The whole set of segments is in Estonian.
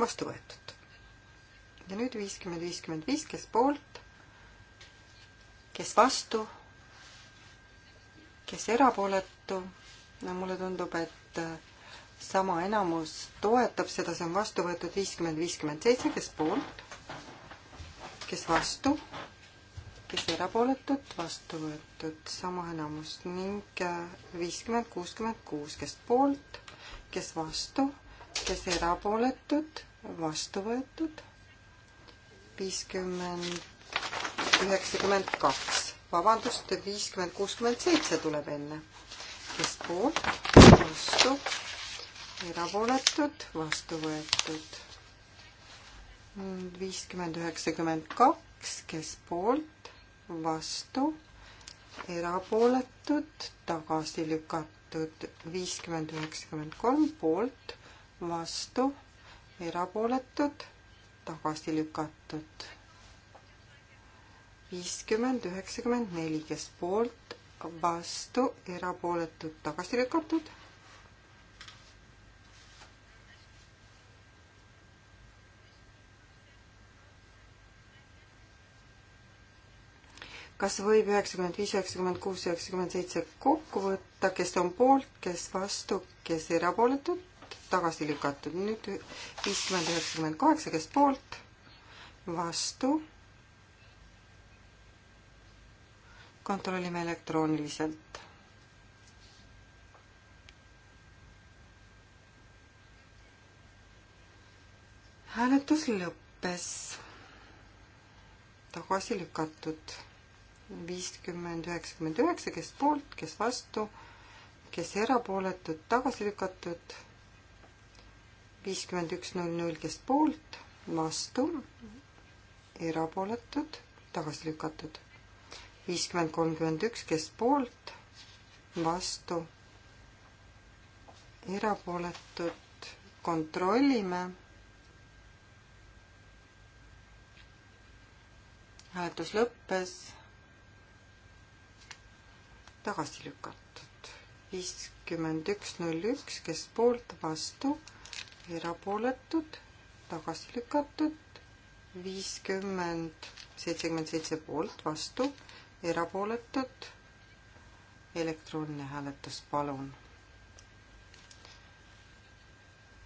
vastu võetud. ja nüüd viiskümmend, viiskümmend viis, kes poolt, kes vastu, kes erapooletu, no mulle tundub, et äh, sama enamus toetab seda, see on vastu võetud viiskümmend, viiskümmend seitse, kes poolt, kes vastu, kes erapooletud, vastu võetud, sama enamus ning äh, viiskümmend, kuuskümmend kuus, kes poolt, kes vastu, kes erapooletud, vastu võetud. viiskümmend, üheksakümmend kaks, vabandust, viiskümmend, kuuskümmend seitse tuleb enne. kes poolt, vastu, erapooletud, vastu võetud. viiskümmend, üheksakümmend kaks, kes poolt, vastu, erapooletud, tagasi lükatud, viiskümmend, üheksakümmend kolm poolt, vastu erapooletud, tagasi lükatud. viiskümmend, üheksakümmend neli, kes poolt, vastu, erapooletud, tagasi lükatud. kas võib üheksakümmend viis, üheksakümmend kuus, üheksakümmend seitse kokku võtta, kes on poolt, kes vastu, kes erapooletud? tagasi lükatud. nüüd viiskümmend üheksakümmend kaheksa, kes poolt, vastu. kontrollime elektrooniliselt. hääletus lõppes. tagasi lükatud viiskümmend, üheksakümmend üheksa, kes poolt, kes vastu, kes erapooletud, tagasi lükatud viiskümmend üks null null, kes poolt, vastu, erapooletud, tagasi lükatud. viiskümmend kolmkümmend üks, kes poolt, vastu, erapooletud, kontrollime. hääletus lõppes tagasi lükatud. viiskümmend üks null üks, kes poolt, vastu erapooletud, tagasi lükatud, viiskümmend, seitsekümmend seitse poolt, vastu, erapooletud. elektrooniline hääletus, palun.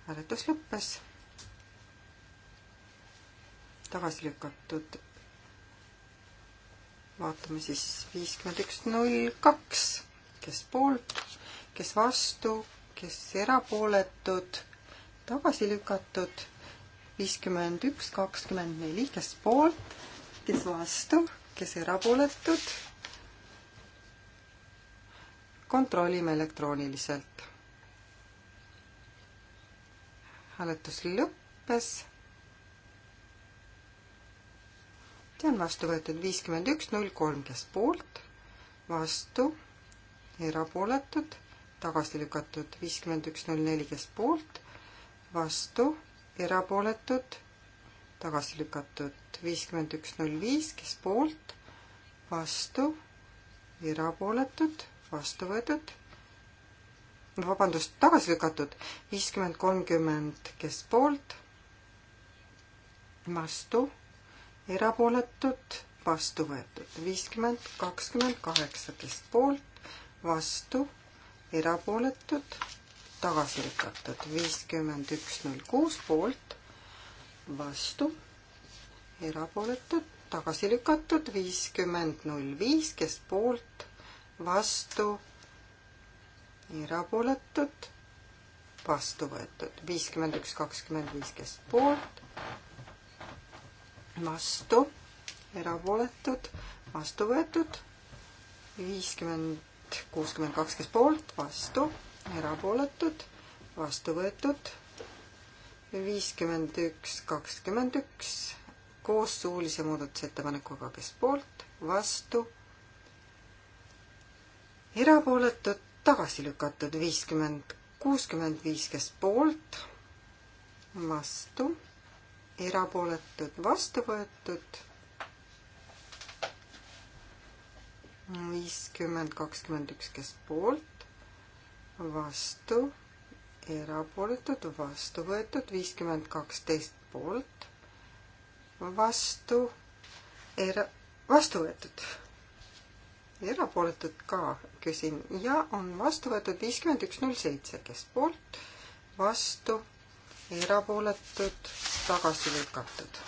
hääletus lõppes. tagasi lükatud vaatame siis viiskümmend üks, null, kaks, kes poolt, kes vastu, kes erapooletud tagasi lükatud, viiskümmend üks, kakskümmend neli, kes poolt, kes vastu, kes erapooletud. kontrollime elektrooniliselt. hääletus lõppes. see on vastu võetud viiskümmend üks, null kolm, kes poolt, vastu, erapooletud, tagasi lükatud viiskümmend üks, null neli, kes poolt vastu, erapooletud, tagasi lükatud viiskümmend üks null viis, kes poolt, vastu, erapooletud, vastu võetud, vabandust, tagasi lükatud viiskümmend kolmkümmend, kes poolt, vastu, erapooletud, vastu võetud viiskümmend kakskümmend kaheksa, kes poolt, vastu, erapooletud tagasi lükatud. viiskümmend üks null kuus poolt, vastu, erapooletud, tagasi lükatud. viiskümmend null viis, kes poolt, vastu, erapooletud, vastu võetud. viiskümmend üks, kakskümmend viis, kes poolt, vastu, erapooletud, vastu võetud. viiskümmend kuuskümmend kaks, kes poolt, vastu erapooletud, vastu võetud viiskümmend üks, kakskümmend üks koos suulise muudatusettepanekuga, kes poolt, vastu, erapooletud, tagasi lükatud viiskümmend, kuuskümmend viis, kes poolt, vastu, erapooletud, vastu võetud viiskümmend, kakskümmend üks, kes poolt, vastu, erapooletud, vastu võetud, viiskümmend kaksteist poolt, vastu, era-, vastu võetud. erapooletud ka küsin ja on vastu võetud viiskümmend üks null seitse, kes poolt, vastu, erapooletud, tagasi lükatud.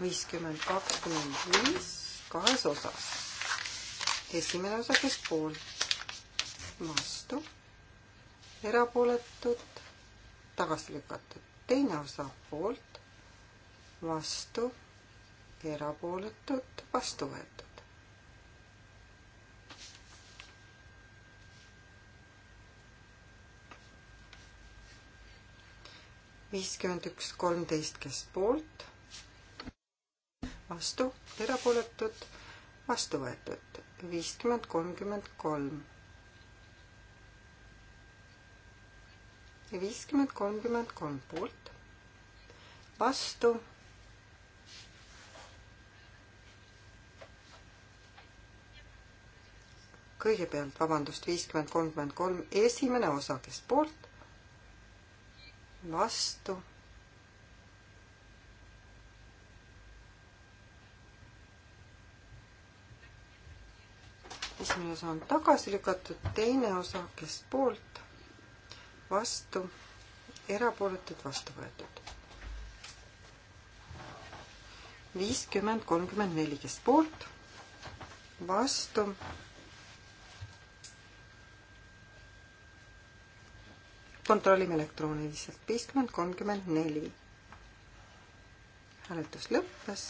viiskümmend kakskümmend viis kahes osas. esimene osa, kes poolt, vastu, erapooletud, tagasi lükatud. teine osa poolt, vastu, erapooletud, vastu võetud. viiskümmend üks, kolmteist, kes poolt, vastu, erapooletud, vastu võetud, viiskümmend, kolmkümmend kolm viiskümmend kolmkümmend kolm poolt, vastu. kõigepealt, vabandust, viiskümmend kolmkümmend kolm, esimene osa, kes poolt, vastu. esimene osa on tagasi lükatud, teine osa, kes poolt vastu, erapooletud, vastu võetud. viiskümmend, kolmkümmend, neli, kes poolt, vastu. kontrollime elektrooniliselt, viiskümmend, kolmkümmend, neli. hääletus lõppes.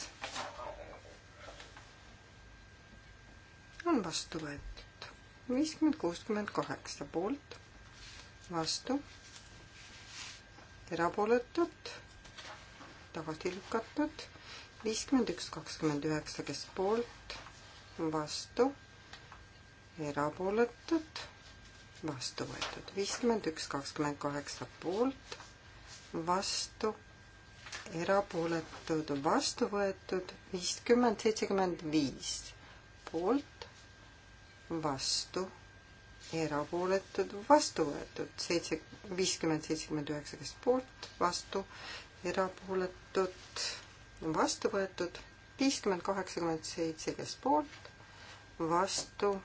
on vastu võetud viiskümmend, kuuskümmend kaheksa poolt vastu, erapooletud, tagasi lükatud, viiskümmend üks, kakskümmend üheksa, kes poolt, vastu, erapooletud, vastu võetud, viiskümmend üks, kakskümmend kaheksa poolt, vastu, erapooletud, vastu võetud, viiskümmend, seitsekümmend viis poolt, vastu erapooletud, vastu võetud, seitse, viiskümmend, seitsekümmend üheksa, kes poolt, vastu, erapooletud, vastu võetud, viiskümmend, kaheksakümmend seitse, kes poolt, vastu,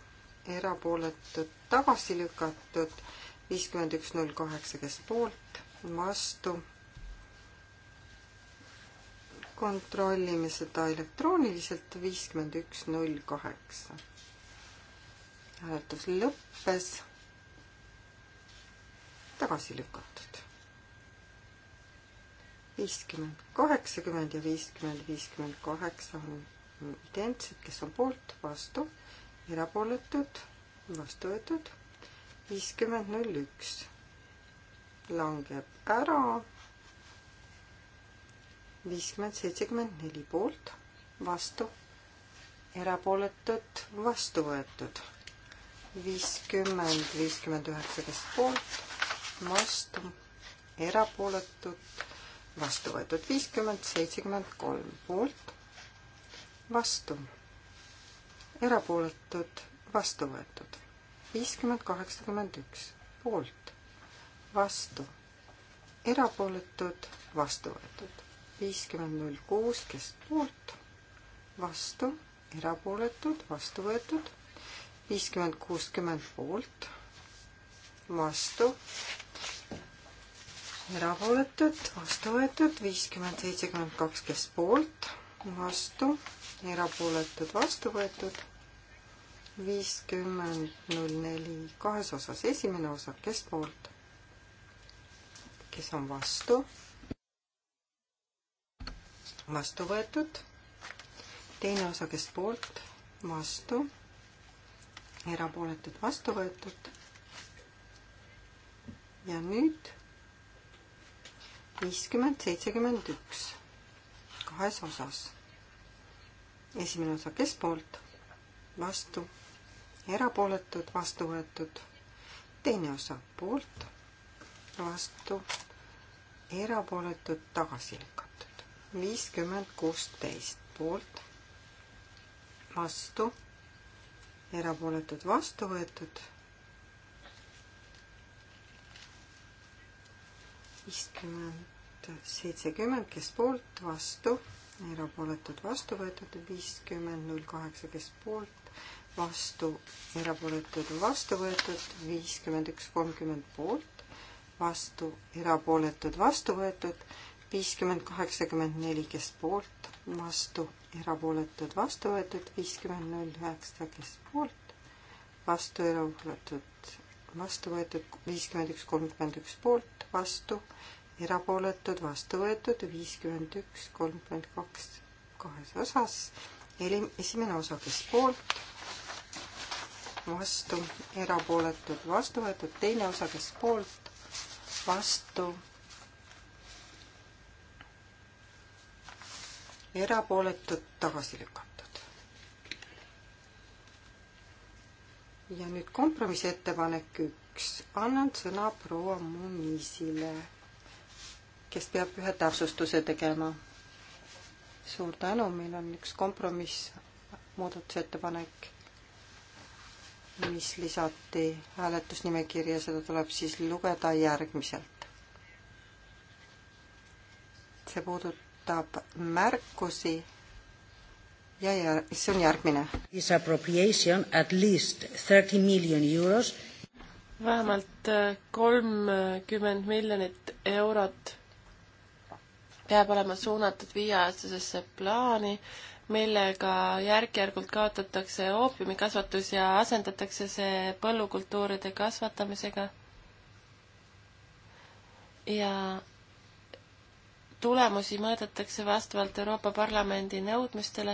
erapooletud, tagasi lükatud, viiskümmend üks, null kaheksa, kes poolt, vastu. kontrollime seda elektrooniliselt, viiskümmend üks, null kaheksa hääletus lõppes. tagasi lükatud. viiskümmend, kaheksakümmend ja viiskümmend, viiskümmend kaheksa on identsed, kes on poolt, vastu, erapooletud, vastu võetud. viiskümmend null üks langeb ära. viiskümmend, seitsekümmend neli poolt, vastu erapooletut vastu võetud viiskümmend, viiskümmend üheksa, kes poolt, vastu, erapooletud, vastu võetud viiskümmend, seitsekümmend kolm poolt, vastu, erapooletud, vastu võetud viiskümmend, kaheksakümmend üks poolt, vastu, erapooletud, vastu võetud viiskümmend null kuus, kes poolt, vastu, erapooletud, vastu võetud viiskümmend, kuuskümmend poolt, vastu, erapooletud, vastu võetud, viiskümmend, seitsekümmend kaks, kes poolt, vastu, erapooletud, vastu võetud, viiskümmend, null neli, kahes osas, esimene osa, kes poolt, kes on vastu, vastu võetud, teine osa, kes poolt, vastu erapooletud vastu võetud. ja nüüd viiskümmend, seitsekümmend üks kahes osas. esimene osa keskpoolt, vastu, erapooletud, vastu võetud. teine osa poolt, vastu, erapooletud, tagasi lükatud. viiskümmend kuusteist poolt, vastu erapooletud vastu võetud. viiskümmend, seitsekümmend, kes poolt, vastu, erapooletud, vastu võetud, viiskümmend, null kaheksa, kes poolt, vastu, erapooletud, vastu võetud, viiskümmend üks, kolmkümmend poolt, vastu, erapooletud, vastu võetud viiskümmend, kaheksakümmend neli, kes poolt, vastu, erapooletud, vastu võetud, viiskümmend null üheksa, kes poolt, vastu, erapooletud, vastu võetud, viiskümmend üks, kolmkümmend üks poolt, vastu, erapooletud, vastu võetud, viiskümmend üks, kolmkümmend kaks kahes osas, esimene osa, kes poolt, vastu, erapooletud, vastu võetud, teine osa, kes poolt, vastu erapooletud, tagasi lükatud. ja nüüd kompromissettepanek üks. annan sõna proua Munisile, kes peab ühe täpsustuse tegema. suur tänu, meil on üks kompromiss, muudatusettepanek, mis lisati hääletusnimekirja, seda tuleb siis lugeda järgmiselt. see puudutab puudutab märkusi ja jär-, see on järgmine. Disappropriation at least thirty million euros. vähemalt äh, kolmkümmend miljonit eurot peab olema suunatud viieaastasesse plaani, millega järk-järgult kaotatakse oopiumikasvatus ja asendatakse see põllukultuuride kasvatamisega. ja tulemusi mõõdetakse vastavalt Euroopa Parlamendi nõudmistele.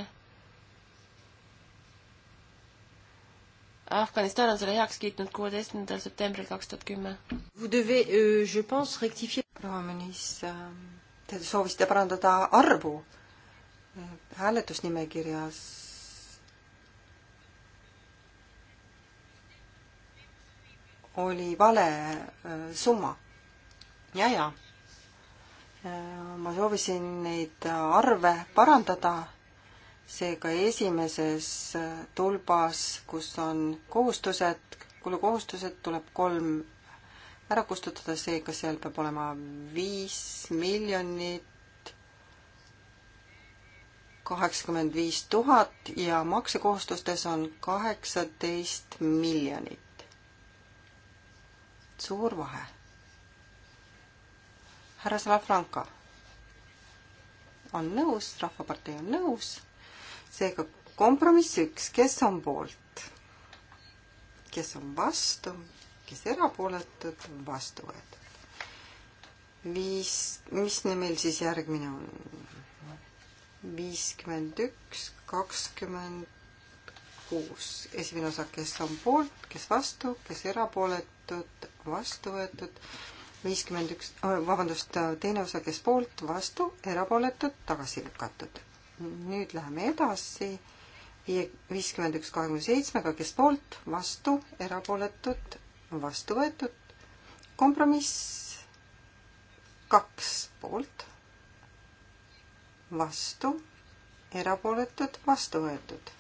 Afganistan on selle heaks kiitnud kuueteistkümnendal septembril kaks tuhat kümme. Euh, proua minister, ähm, te soovisite parandada arvu äh, hääletusnimekirjas oli vale äh, summa ja,. jaa-jaa ma soovisin neid arve parandada, seega esimeses tulbas, kus on kohustused, kulukohustused, tuleb kolm ära kustutada, seega seal peab olema viis miljonit kaheksakümmend viis tuhat ja maksekohustustes on kaheksateist miljonit. suur vahe härra Salafranca on nõus, Rahvapartei on nõus, seega kompromiss üks, kes on poolt, kes on vastu, kes erapooletud, vastu võetud. viis, mis meil siis järgmine on? viiskümmend üks, kakskümmend kuus. esimene osa, kes on poolt, kes vastu, kes erapooletud, vastu võetud viiskümmend üks, vabandust, teine osa, kes poolt, vastu, erapooletud, tagasi lükatud. nüüd läheme edasi viie, viiskümmend üks kahekümne seitsmega, kes poolt, vastu, erapooletud, vastu võetud, kompromiss kaks poolt, vastu, erapooletud, vastu võetud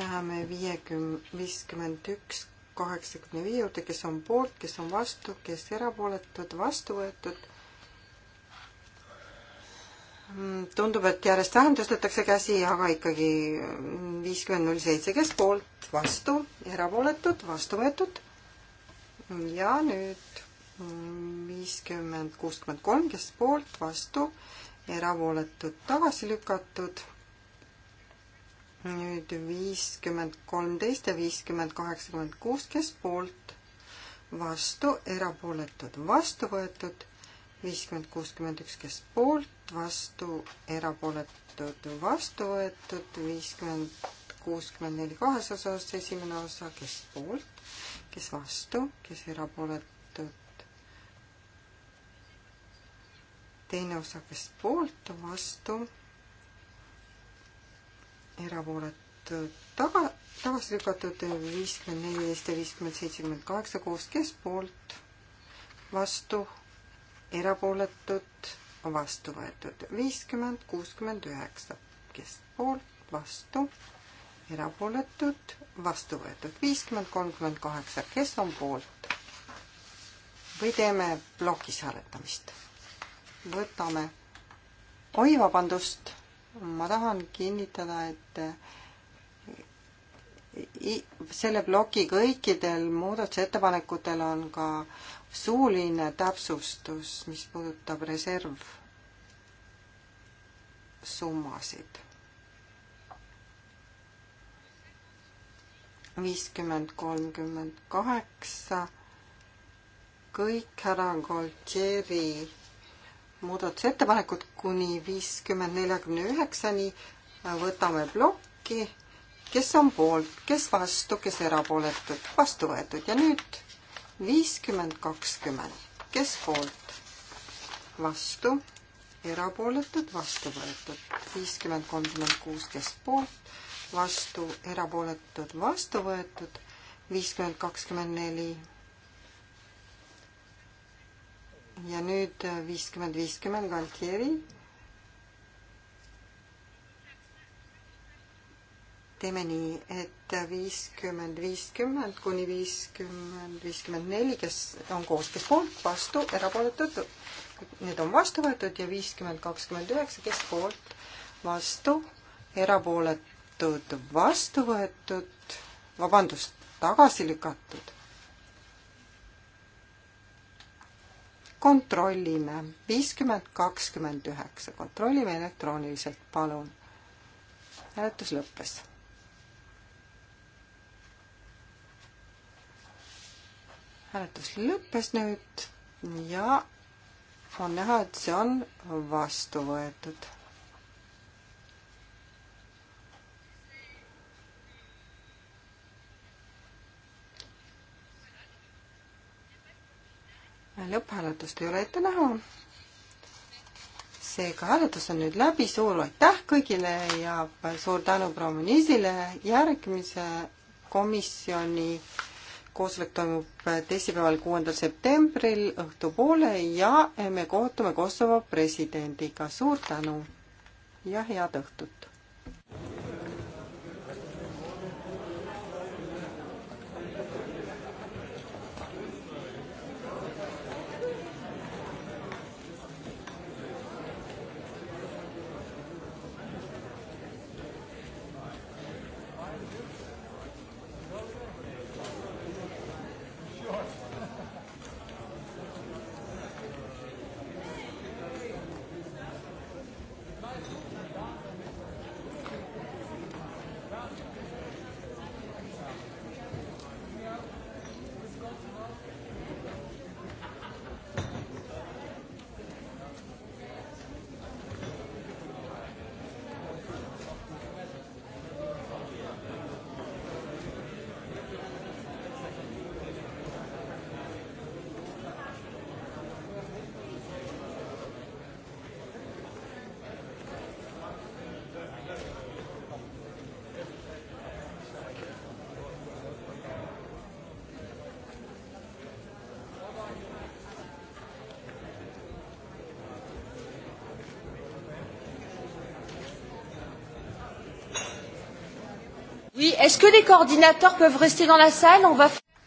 Läheme viiekümne, viiskümmend üks kaheksakümne viie juurde, kes on poolt, kes on vastu, kes erapooletud, vastu võetud. Mm, tundub, et järjest vähem tõstetakse käsi, aga ikkagi viiskümmend null seitse, kes poolt, vastu, erapooletud, vastu võetud. ja nüüd viiskümmend, kuuskümmend kolm, kes poolt, vastu, erapooletud, tagasi lükatud nüüd viiskümmend kolmteist ja viiskümmend kaheksakümmend kuus, kes poolt, vastu, erapooletud, vastu võetud, viiskümmend kuuskümmend üks, kes poolt, vastu, erapooletud, vastu võetud, viiskümmend kuuskümmend neli kahes osas, esimene osa, kes poolt, kes vastu, kes erapooletud, teine osa, kes poolt, vastu erapooletud taga, tagasi lükatud viiskümmend neliteist ja viiskümmend seitsekümmend kaheksa koos, kes poolt, vastu, erapooletud, vastu võetud viiskümmend, kuuskümmend üheksa, kes poolt, vastu, erapooletud, vastu võetud viiskümmend, kolmkümmend kaheksa, kes on poolt? või teeme plokis hääletamist? võtame, oi vabandust ma tahan kinnitada, et selle ploki kõikidel muudatusettepanekutel on ka suuline täpsustus, mis puudutab reservsummasid. viiskümmend kolmkümmend kaheksa, kõik härra Goltšeri muudatusettepanekud kuni viiskümmend neljakümne üheksani võtame plokki, kes on poolt, kes vastu, kes erapooletud, vastu võetud ja nüüd viiskümmend kakskümmend, kes poolt, vastu, erapooletud, vastu võetud, viiskümmend kolmkümmend kuus, kes poolt, vastu, erapooletud, vastu võetud, viiskümmend kakskümmend neli ja nüüd äh, viiskümmend, viiskümmend Galtieri. teeme nii, et äh, viiskümmend, viiskümmend kuni viiskümmend, viiskümmend neli, kes on koos, kes poolt, vastu, erapooletud, need on vastu võetud ja viiskümmend, kakskümmend üheksa, kes poolt, vastu, erapooletud, vastu võetud, vabandust, tagasi lükatud kontrollime, viiskümmend kakskümmend üheksa, kontrollime elektrooniliselt, palun. hääletus lõppes. hääletus lõppes nüüd ja on näha, et see on vastu võetud lõpphääletust ei ole ette näha. seega hääletus on nüüd läbi, suur aitäh kõigile ja suur tänu proua Munisile, järgmise komisjoni koosolek toimub teisipäeval, kuuendal septembril õhtupoole ja me kohtume Kosovo presidendiga. suur tänu ja head õhtut!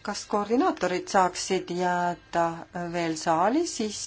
kas koordinaatorid saaksid jääda veel saali, siis